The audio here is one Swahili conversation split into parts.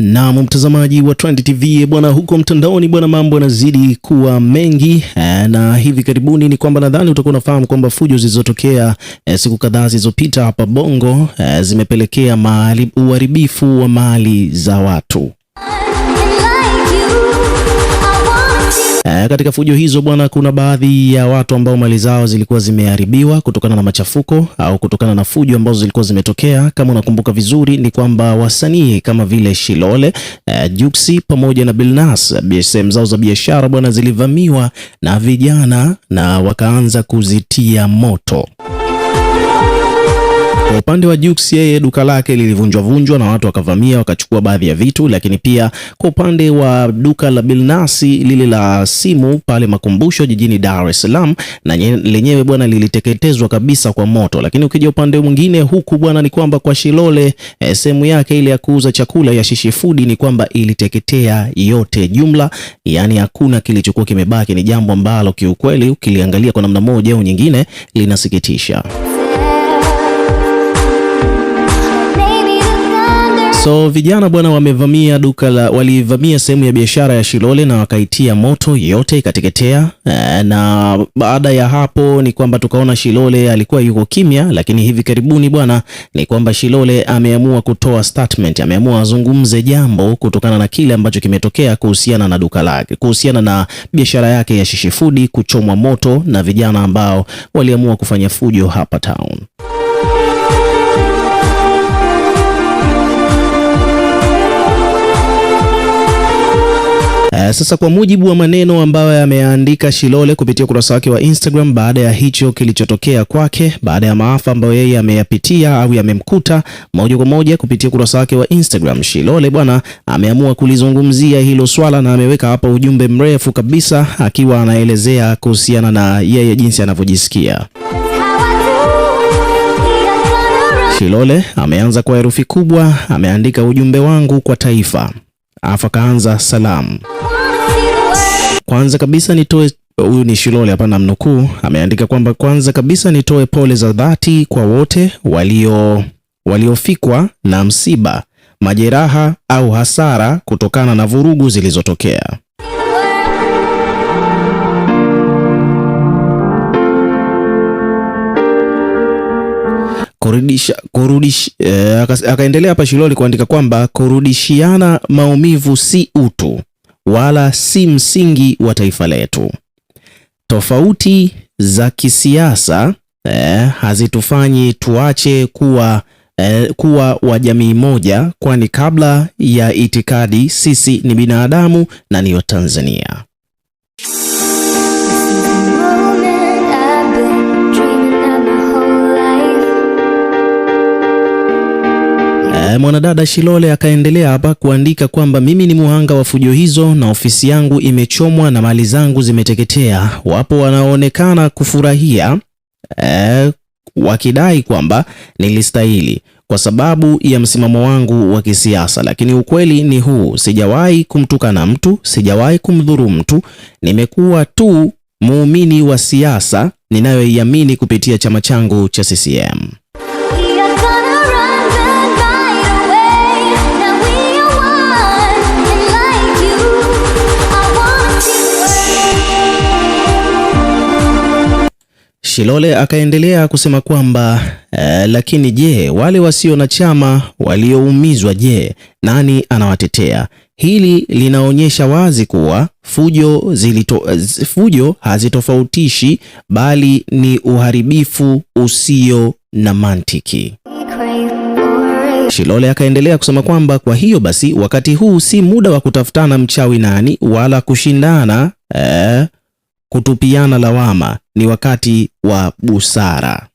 Na mtazamaji wa Trend TV eh, bwana, huko mtandaoni bwana, mambo yanazidi kuwa mengi e, na hivi karibuni ni kwamba nadhani utakuwa unafahamu kwamba fujo zilizotokea e, siku kadhaa zilizopita hapa Bongo e, zimepelekea uharibifu wa mali za watu E, katika fujo hizo bwana, kuna baadhi ya watu ambao mali zao zilikuwa zimeharibiwa kutokana na machafuko au kutokana na fujo ambazo zilikuwa zimetokea. Kama unakumbuka vizuri, ni kwamba wasanii kama vile Shilole, e, Juksi pamoja na Bilnas, sehemu zao za biashara bwana zilivamiwa na vijana na wakaanza kuzitia moto. Kwa upande wa Jux, yeye duka lake lilivunjwavunjwa na watu wakavamia wakachukua baadhi ya vitu, lakini pia kwa upande wa duka la Bilnasi lile la simu pale makumbusho jijini Dar es Salaam, na lenyewe bwana liliteketezwa kabisa kwa moto. Lakini ukija upande mwingine huku bwana ni kwamba kwa Shilole eh, sehemu yake ile ya kuuza chakula ya Shishi Food ni kwamba iliteketea yote jumla, yani hakuna kilichokuwa kimebaki. Ni jambo ambalo kiukweli ukiliangalia kwa namna moja au nyingine linasikitisha. So vijana bwana, wamevamia duka la walivamia sehemu ya biashara ya Shilole na wakaitia moto, yote ikateketea. Eh, na baada ya hapo ni kwamba tukaona Shilole alikuwa yuko kimya, lakini hivi karibuni bwana, ni kwamba Shilole ameamua kutoa statement, ameamua azungumze jambo kutokana na kile ambacho kimetokea kuhusiana na duka lake, kuhusiana na biashara yake ya Shishifudi kuchomwa moto na vijana ambao waliamua kufanya fujo hapa town. Sasa kwa mujibu wa maneno ambayo ameandika Shilole kupitia ukurasa wake wa Instagram baada ya hicho kilichotokea kwake, baada ya maafa ambayo yeye ameyapitia au yamemkuta, moja kwa moja kupitia ukurasa wake wa Instagram, Shilole bwana ameamua kulizungumzia hilo swala na ameweka hapa ujumbe mrefu kabisa akiwa anaelezea kuhusiana na yeye jinsi anavyojisikia. Shilole ameanza kwa herufi kubwa, ameandika ujumbe wangu kwa taifa, afakaanza kaanza salamu kwanza kabisa nitoe huyu ni Shilole hapa namnukuu, ameandika kwamba kwanza kabisa nitoe pole za dhati kwa wote walio waliofikwa na msiba, majeraha au hasara kutokana na vurugu zilizotokea. Kurudisha, kurudish, eh, akaendelea hapa Shilole kuandika kwamba kurudishiana maumivu si utu wala si msingi wa taifa letu. Tofauti za kisiasa eh, hazitufanyi tuache kuwa eh, kuwa wa jamii moja, kwani kabla ya itikadi sisi ni binadamu na ni Watanzania. Mwanadada Shilole akaendelea hapa kuandika kwamba mimi ni muhanga wa fujo hizo, na ofisi yangu imechomwa na mali zangu zimeteketea. Wapo wanaonekana kufurahia e, wakidai kwamba nilistahili kwa sababu ya msimamo wangu wa kisiasa, lakini ukweli ni huu: sijawahi kumtukana mtu, sijawahi kumdhuru mtu, nimekuwa tu muumini wa siasa ninayoiamini kupitia chama changu cha CCM. Chilole akaendelea kusema kwamba eh, lakini je, wale wasio na chama walioumizwa, je, nani anawatetea? Hili linaonyesha wazi kuwa fujo zilito, fujo hazitofautishi bali ni uharibifu usio na mantiki. Shilole akaendelea kusema kwamba kwa hiyo basi wakati huu si muda wa kutafutana mchawi nani wala kushindana eh, kutupiana lawama ni wakati wa busara.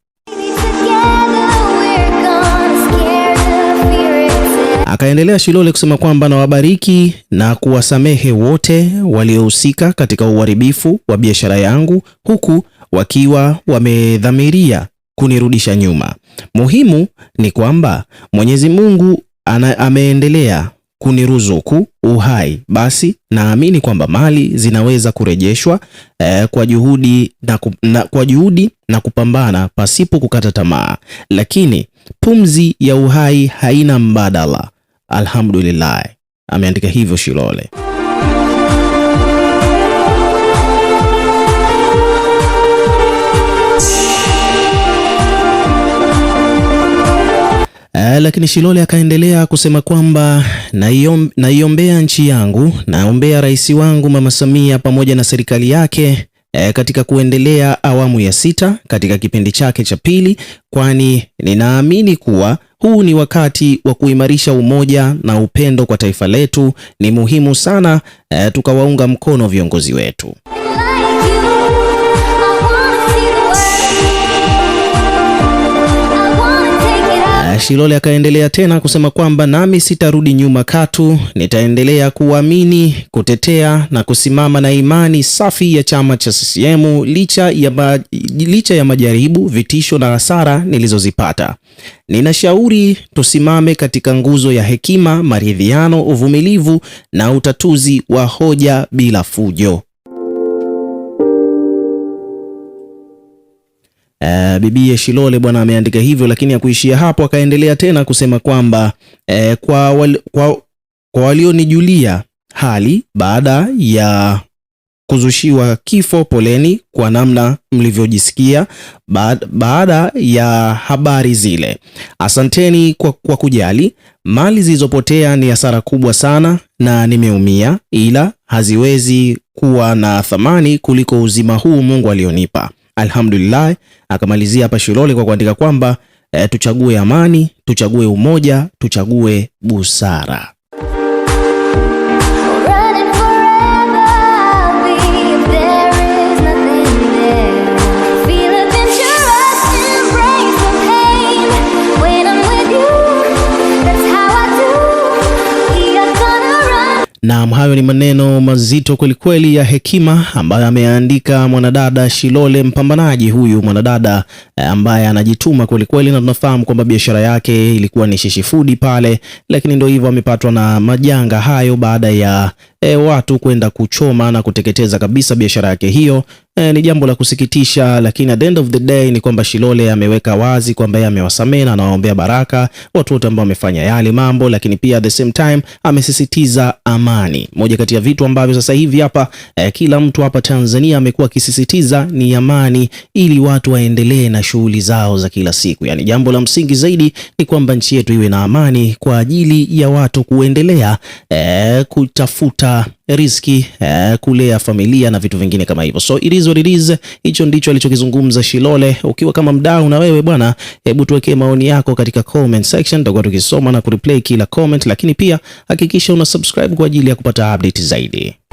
Akaendelea Shilole kusema kwamba nawabariki na kuwasamehe wote waliohusika katika uharibifu wa biashara yangu huku wakiwa wamedhamiria kunirudisha nyuma. Muhimu ni kwamba Mwenyezi Mungu ana, ameendelea kuniruzuku uhai, basi naamini kwamba mali zinaweza kurejeshwa eh, kwa juhudi na, ku, na, kwa juhudi na kupambana pasipo kukata tamaa, lakini pumzi ya uhai haina mbadala. Alhamdulillah, ameandika hivyo Shilole. Uh, lakini Shilole akaendelea kusema kwamba naiombea nchi yangu, naombea rais wangu Mama Samia pamoja na serikali yake uh, katika kuendelea awamu ya sita katika kipindi chake cha pili, kwani ninaamini kuwa huu ni wakati wa kuimarisha umoja na upendo kwa taifa letu. Ni muhimu sana uh, tukawaunga mkono viongozi wetu. shilole akaendelea tena kusema kwamba nami sitarudi nyuma katu, nitaendelea kuamini, kutetea na kusimama na imani safi ya chama cha CCM licha ya, ma, licha ya majaribu, vitisho na hasara nilizozipata. Ninashauri tusimame katika nguzo ya hekima, maridhiano, uvumilivu na utatuzi wa hoja bila fujo. Uh, eh, Bibiye Shilole bwana ameandika hivyo, lakini hakuishia hapo, akaendelea tena kusema kwamba uh, kwa, wal, kwa, kwa walionijulia hali baada ya kuzushiwa kifo, poleni kwa namna mlivyojisikia baada ya habari zile. Asanteni kwa, kwa kujali. Mali zilizopotea ni hasara kubwa sana na nimeumia, ila haziwezi kuwa na thamani kuliko uzima huu Mungu alionipa. Alhamdulillah akamalizia hapa Shilole kwa kuandika kwamba e, tuchague amani, tuchague umoja, tuchague busara. Naam, hayo ni maneno mazito kwelikweli ya hekima ambayo ameandika mwanadada Shilole Mpambanaji. Huyu mwanadada Eh, ambaye anajituma kwelikweli, na tunafahamu kwamba biashara yake ilikuwa ni shishi fudi pale, lakini ndio hivyo amepatwa na majanga hayo baada ya e, watu kwenda kuchoma na kuteketeza kabisa biashara yake hiyo. E, ni jambo la kusikitisha, lakini at the end of the day ni kwamba Shilole ameweka wazi kwamba yeye amewasamehe na anawaombea baraka watu wote ambao wamefanya yale mambo, lakini pia at the same time amesisitiza amani, moja kati ya vitu ambavyo sasa hivi hapa e, kila mtu hapa Tanzania amekuwa akisisitiza ni amani, ili watu waendelee na shughuli zao za kila siku. Yaani jambo la msingi zaidi ni kwamba nchi yetu iwe na amani kwa ajili ya watu kuendelea e, kutafuta riski eh, kulea familia na vitu vingine kama hivyo. So it is what it is. Hicho ndicho alichokizungumza Shilole. Ukiwa kama mdau na wewe bwana, hebu tuwekee maoni yako katika comment section, tutakuwa tukisoma na kureplay kila comment, lakini pia hakikisha una subscribe kwa ajili ya kupata update zaidi.